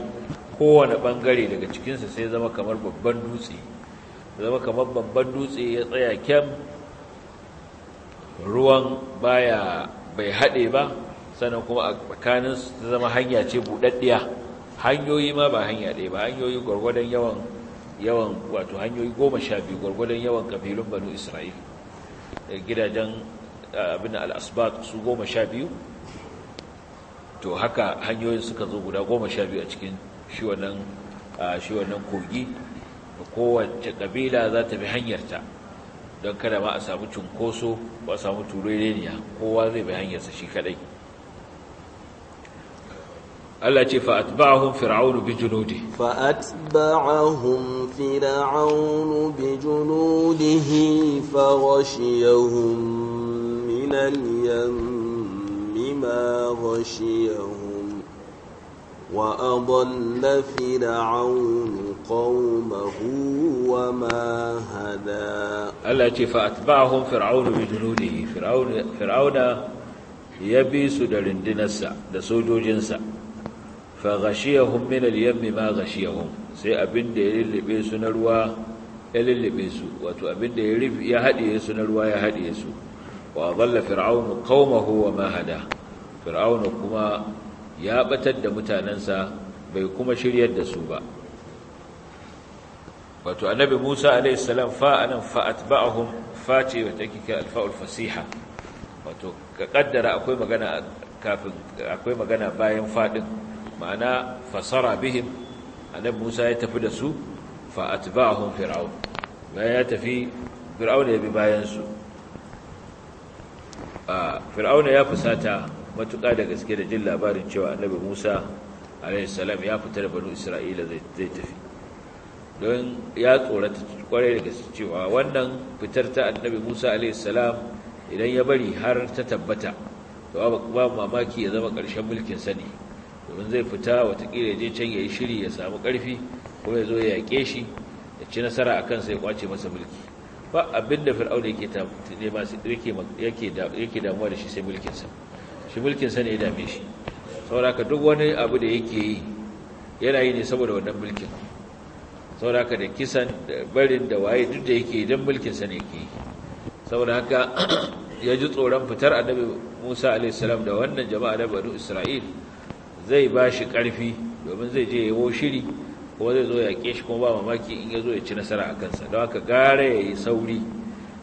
kowane bangare daga cikinsa sai zama kamar babban dutse zama kamar babban dutse ya tsaya kyam ruwan baya bai haɗe ba sannan kuma a tsakanin su ta zama hanya ce buɗaɗɗiya hanyoyi ma ba hanya ɗaya ba hanyoyi gwargwadon yawan yawan wato hanyoyi goma sha biyu gwargwadon yawan kabilun banu isra'il eh, gidajen eh, abin al'asbat su goma sha biyu to haka hanyoyin suka zo guda goma sha biyu a cikin shi wannan ah, kogi kowace kabila za ta bi hanyarta don kada ba a samu cunkoso ba a samu turereniya kowa zai bai hanyarsa shi kadai Allah ce fa'atba'ahum fir'aunu bi junudi fa'atba'ahum fir'aunu bi junudihi faghashiyahum min al-yammi ma ghashiyahum wa adalla fir'aunu قومه وما هدى الله يجي فأتبعهم فرعون بجنوده فرعون, فرعون يبيس لرندنسا لسوجو جنسا فغشيهم من اليم ما غشيهم سي أبن دي للبيس نروا للبيس واتو أبن دي يهدي يسو نروا يهدي يسو وأضل فرعون قومه وما هدى فرعون كما يابتد متاننسا بيكما شريد دسوبا wato annabi Musa alaihi salam fa anan fa atba'ahum fa ce wata kike alfa'ul fasiha wato ka kaddara akwai magana kafin akwai magana bayan fadin ma'ana fasara bihim annabi Musa ya tafi da su fa atba'ahum fir'aun bayan ya tafi fir'aun ya bi bayan su a fir'aun ya fusata matuƙa da gaske da jin labarin cewa annabi Musa alaihi salam ya fita da banu Isra'ila zai tafi don ya tsorata kwarai daga cewa wannan fitar ta annabi Musa a.s. idan ya bari har ta tabbata to ba mamaki ya zama ƙarshen mulkin sani domin zai fita watakila je can ya yi shiri ya samu ƙarfi ko ya zo ya yaƙe shi ya ci nasara a kansa ya kwace masa mulki ba abin da fir'auna yake damuwa da shi sai mulkinsa shi mulkinsa ne ya dame shi saboda duk wani abu da yake yi yana yi ne saboda wannan mulkin saboda haka da kisan da barin da waye duk da yake idan mulkin sa ne ke saboda haka <clears throat> ya ji tsoron fitar annabi Musa alaihi salam da wannan jama'a da banu Isra'il zai ba shi ƙarfi domin zai je yawo shiri kuma zai zo ya shi kuma ba mamaki in ya zo ya ci nasara a kansa don haka gara ya yi sauri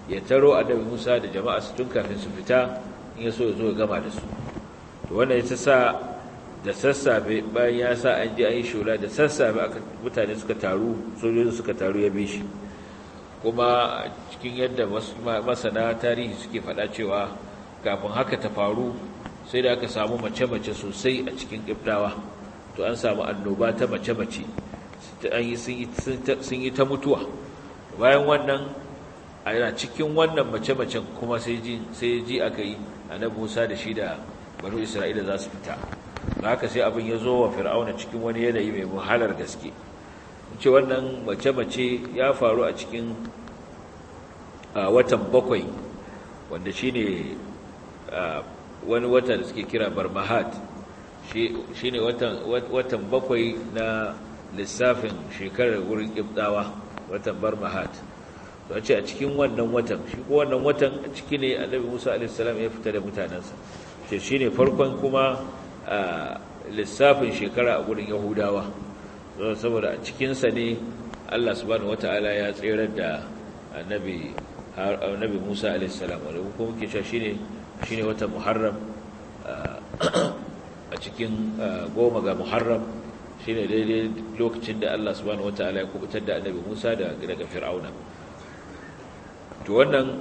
ya taro annabi Musa da jama'a su tun kafin su fita in ya so ya zo ya gama da su to wannan ya sa da sassafe bayan ya sa an ji an yi shola da sassafe mutane suka taru sojojin suka taru ya bi shi kuma cikin yadda masana tarihi suke faɗa cewa kafin haka ta faru sai da aka samu mace-mace sosai a cikin ƙibdawa to an samu annoba ta mace-mace sun yi ta mutuwa bayan wannan a yana cikin wannan mace-macen kuma sai ji aka yi a annabi musa da shi da banu isra'ila za su fita da haka sai abin ya zo wa fir'auna cikin wani yanayi mai muhalar gaske ce wannan mace-mace ya faru a cikin watan bakwai wanda shi ne wani wata da suke kira barmahat shi ne watan bakwai na lissafin shekarar wurin ƙibdawa watan barmahat don ce a cikin wannan watan shi ko wannan watan ciki ne annabi musa a.s. ya fita da mutanensa ce shi ne farkon kuma lissafin shekara a gurin yahudawa saboda a cikinsa ne allah subhanahu wata'ala ya tserar da annabi musa alaihissalam wadda kuma muke cewa shi ne wata muharram a cikin goma ga muharram shi ne daidai lokacin da allah subhanahu wata'ala ya kubutar da annabi musa daga fir'auna to wannan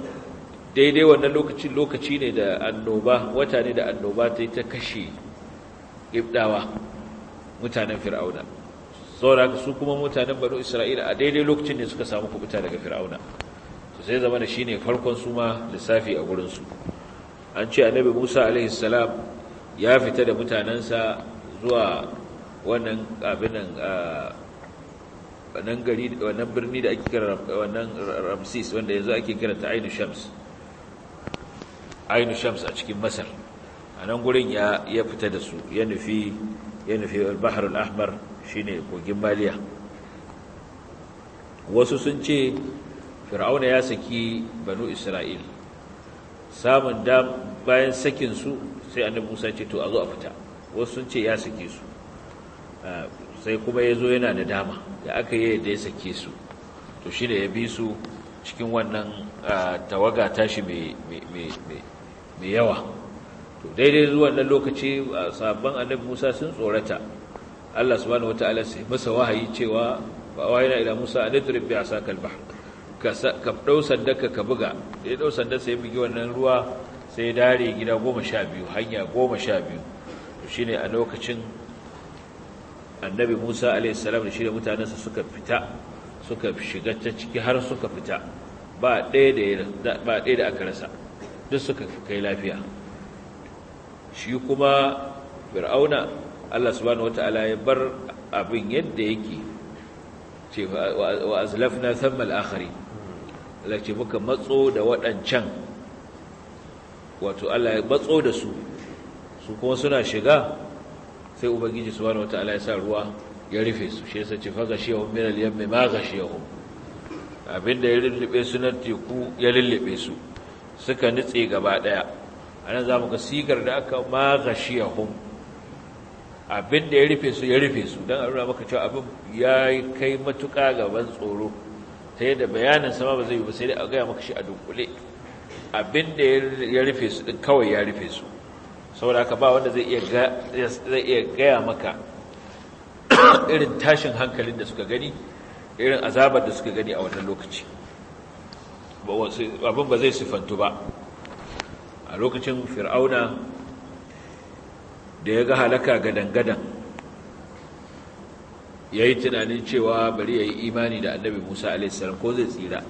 daidai wannan lokacin lokaci ne da annoba wata ne da annoba ta yi ta kashe ibdawa mutanen fir'auna saboda su kuma mutanen banu isra'ila a daidai lokacin da suka samu kubuta daga fir'auna to sai zama da shine farkon su ma lissafi a gurin an ce annabi Musa alaihi salam ya fita da mutanansa zuwa wannan abinan wannan gari wannan birni da ake kira wannan ramsis wanda yanzu ake kira ta Ainu Shams a cikin Masar a nan gurin ya fita da su ya nufi ya nufi al-bahr al-ahmar shine kogin maliya wasu sun ce fir'auna ya saki banu isra'il samun dam bayan sakin su sai annabi Musa ce to a zo a fita wasu sun ce ya saki su sai kuma ya zo yana da dama da aka yi da ya sake su to shi da ya bi su cikin wannan tawaga tashi mai yawa to daidai zuwan nan lokaci sabon annabi Musa sun tsorata Allah subhanahu wataala sai masa wahayi cewa wa yana ila Musa adrib bi asakal bahr ka ka dau sandaka ka buga ya dau sanda sai bugi wannan ruwa sai dare gida 12 hanya 12 shine a lokacin annabi Musa alaihi salam da shi da mutanansa suka fita suka shiga ta ciki har suka fita ba ɗaya da aka rasa duk suka kai lafiya shi kuma fir'auna Allah subhanahu wata'ala ya bar abin yadda yake ce wa azlafna thumma al-akhirin Allah ce muka matso da waɗancan wato Allah ya matso da su su kuma suna shiga sai ubangiji subhanahu wata'ala ya sa ruwa ya rufe su shi yasa ce faga shi yahum min al-yammi ma ghashiyahum abinda ya lullube su na teku ya lullube su suka nitse gaba daya anan za mu ga sigar da aka maghashiyahum abin da ya rufe su ya rufe su dan a nuna maka cewa abin ya kai matuƙa gaban tsoro ta yadda bayanin sama ba zai yi ba sai dai a gaya maka shi a dunkule abin da ya rufe su din kawai ya rufe su saboda haka ba wanda zai iya gaya maka irin tashin hankalin da suka gani irin azabar da suka gani a wannan lokaci abin ba zai sifantu ba a lokacin fir'auna da ya ga halaka gadangadan, ya yi tunanin cewa bari ya yi imani da annabi musa alaihissalam ko zai tsira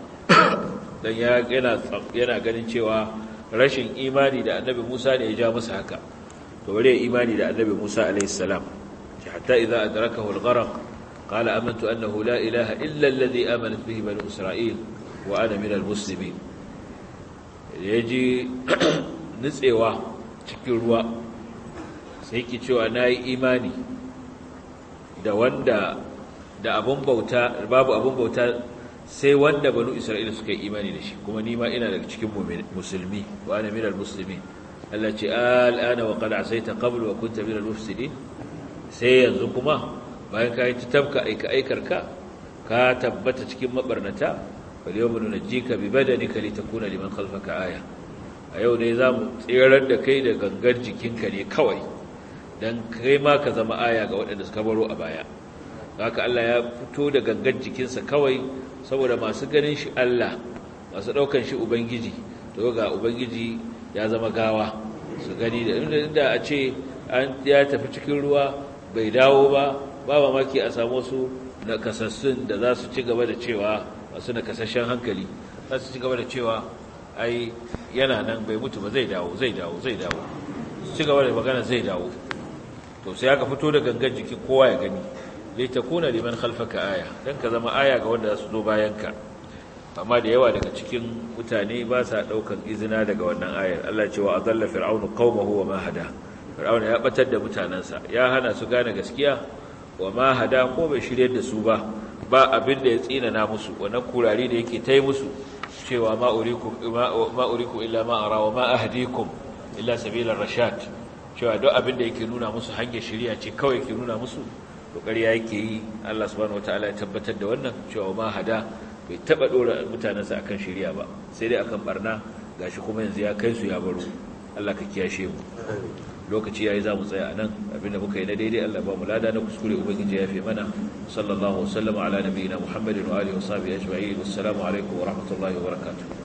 don yana ganin cewa rashin imani da annabi musa ne ya ja masa haka to bari ya yi imani da annabi musa alaihissalam hatta idza adrakahu al-gharq qala amantu annahu la ilaha illa alladhi amanat bihi banu isra'il wa ana min al-muslimin ya ji <clears throat> nutsewa cikin ruwa sai ki cewa na yi imani da wanda da abin bauta babu abin bauta sai wanda banu isra'ila suka yi imani da shi kuma nima ina daga cikin musulmi wa ana minal musulmi. Allah ce al'ana wa qad asaita qabl wa kunta minal mufsidin sai yanzu kuma bayan ka yi ta tabka aika aikarka ka ka tabbata cikin mabarnata falyawma ka bi badanika litakuna liman khalfaka aya a yau ne zamu tserar da kai da gangar jikinka ne kawai dan kai ma ka zama aya ga waɗanda suka baro a baya haka Allah ya fito da gangar jikinsa kawai saboda masu ganin shi Allah masu ɗaukan shi ubangiji to ga ubangiji ya zama gawa su gani da inda a ce an ya tafi cikin ruwa bai dawo ba ba mamaki a samu su na kasassun da za su ci gaba da cewa masu kasashen hankali za su ci gaba da cewa ai yana nan bai mutu ba zai dawo zai dawo zai dawo su ci gaba da magana zai dawo to sai aka fito da gangan jiki kowa ya gani zai ta kuna liman khalfaka aya dan ka zama aya ga wanda su zo bayanka amma da yawa daga cikin mutane ba sa daukan izina daga wannan ayar Allah ce wa azalla fir'aunu qaumahu wa ma hada fir'auna ya batar da mutanansa ya hana su gane gaskiya wa ma hada ko bai shiryar da su ba ba abin da ya tsinana musu wannan kurare da yake tai musu cewa ma uriku illa ma ara wa ma ahdikum illa sabila rashad cewa duk abin da yake nuna musu hanyar shari'a ce kawai yake nuna musu kokari yake yi Allah subhanahu wataala ya tabbatar da wannan cewa ma hada bai taba dora sa akan shari'a ba sai dai akan barna gashi kuma yanzu ya kai su ya baro Allah ka kiyashe mu lokaci yayi za mu tsaya anan abinda muka yi na daidai Allah ba mu lada na kuskure ubangiji ya fi mana sallallahu alaihi wa sallam ala nabiyina muhammadin wa alihi wa sahbihi ajma'in assalamu alaikum wa rahmatullahi wa barakatuh